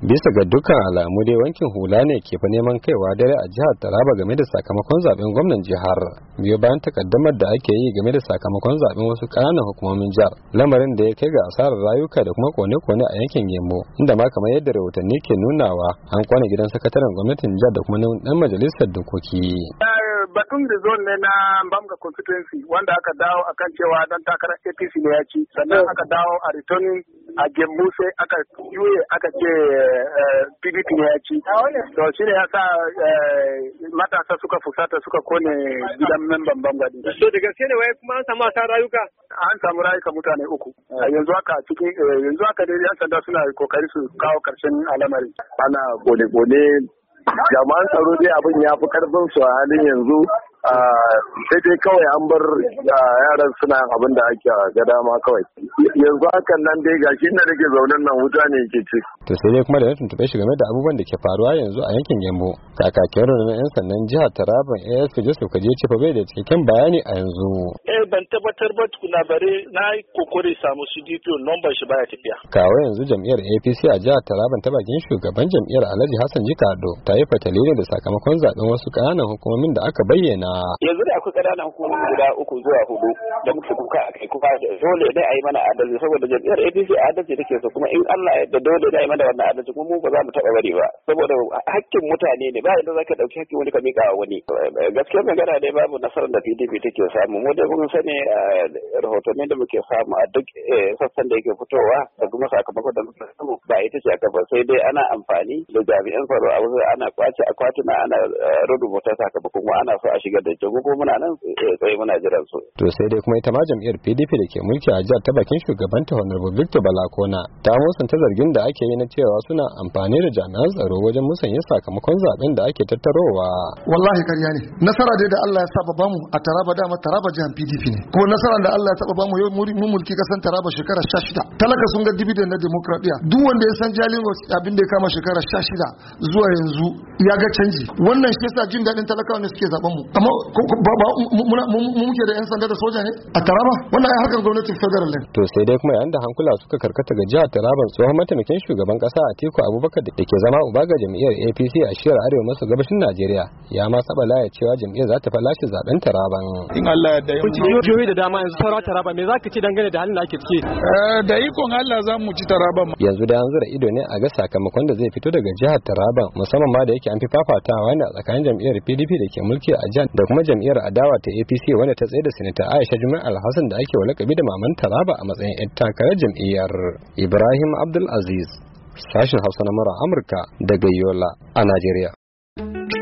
bisa ga dukkan alamu dai wankin hula ne ke fa neman kaiwa dare a jihar taraba game da sakamakon zaben gwamnan jihar biyo bayan takaddamar da ake yi game da sakamakon zaben wasu kananan hukumomin jihar lamarin da ya kai ga asarar rayuka da kuma kone-kone a yankin gemo inda ma kamar yadda rahotanni ke nunawa an kwana gidan sakataren gwamnatin jihar da kuma dan majalisar dokoki batun result ne na Mbamga constituency wanda aka dawo akan cewa dan takarar APC ne ya ci sannan aka dawo a returning a gemu sai aka juye aka ce pdp eh, ne ya ci to shi ne ya sa eh, matasa suka fusata suka kone gidan memban bangwadi to da gaske ne wai kuma an samu asa rayuka an samu rayuka mutane uku yanzu haka cikin eh, yanzu haka dai yan sanda suna kokari su kawo karshen al'amari ana gole gole jama'an tsaro dai abin ya fi karfin su a halin yanzu Ah, sai dai kawai an bar ah, yaran suna yin abin da ake ga dama kawai yanzu hakan nan dai gashi da nake zaunen nan wuta ne yake ci to sai dai kuma da na tuntube shi game da abubuwan da ke faruwa yanzu a yankin Gembo kakakin rundunar yan sannan jihar Taraban ASP Joseph Kaje ce fa bai da cikakken bayani a yanzu eh, ban tabbatar ba tukuna bare na yi kokore samu su DPO nomban shi baya tafiya. Kawo yanzu jam'iyyar APC a jihar Taraba ta bakin shugaban jam'iyyar Alhaji Hassan Jikado ta yi fatali ne da sakamakon zaben wasu ƙananan hukumomin da aka bayyana. Yanzu da akwai ƙananan hukumomi guda uku zuwa hudu da muke kuka a kai kuma dole ne a yi mana adalci saboda jam'iyyar APC adalci take so kuma in Allah ya dole ne a yi mana wannan adalci kuma mu ba za mu taɓa bari ba saboda hakkin mutane ne ba yadda za ka ɗauki hakkin wani ka miƙa wani. Gaskiyar magana ne babu nasarar da PDP take samu mu dai mun ne eh, rahotannin da muke samu a duk eh, sassan da yake fitowa da kuma sakamakon da muke samu ba ita ce aka ba sai dai ana amfani da jami'an tsaro a wasu ana kwace akwatuna ana eh, rubuta sakamakon kuma ana so a shigar da jago ko muna nan tsaye muna jiran su. To sai dai kuma ita ma jam'iyyar PDP da ke mulki a jihar ta bakin ta Honorable Victor Balakona ta musanta zargin da ake yi na cewa suna amfani da jami'an tsaro wajen musanya sakamakon zaben da ake tattarowa. Wallahi karya ne. Nasara dai da Allah ya sa babamu a Taraba dama Taraba jihar PDP mulki ne ko nasara da Allah ya taba bamu yau mun mulki kasan Taraba shekara 16 talaka sun ga dividend na demokradiya duk wanda ya san Jalingo abin da ya kama shekara 16 zuwa yanzu ya ga canji wannan shi yasa jin dadin talaka ne suke zaben mu amma ba mu muke da yan sanda da soja ne a Taraba wannan ai harkar gwamnatin federal ne to sai dai kuma yanda hankula suka karkata ga jihar Taraba tsohon mataimakin shugaban kasa Atiku Abubakar da ke zama uba ga jam'iyyar APC a shiyar arewa maso gabashin Najeriya ya ma saba laya cewa jam'iyyar za ta falashe zaben Taraban in Allah ya yarda jihohi da dama yanzu saura taraba me zaka ce dangane da halin da ake ciki eh, da ikon Allah za mu ci taraba yanzu da da ido ne a ga sakamakon da zai fito daga jihar taraba musamman ma da yake an fi fafatawa ne a tsakanin jam'iyyar PDP da ke mulki a jihar da kuma jam'iyyar adawa ta APC wanda ta tsaye da sinita Aisha Juma'a Alhassan da ake walakabi da maman taraba a matsayin 'yan takarar jam'iyyar Ibrahim Abdul Aziz sashen Hausa na mara Amurka daga Yola a Najeriya.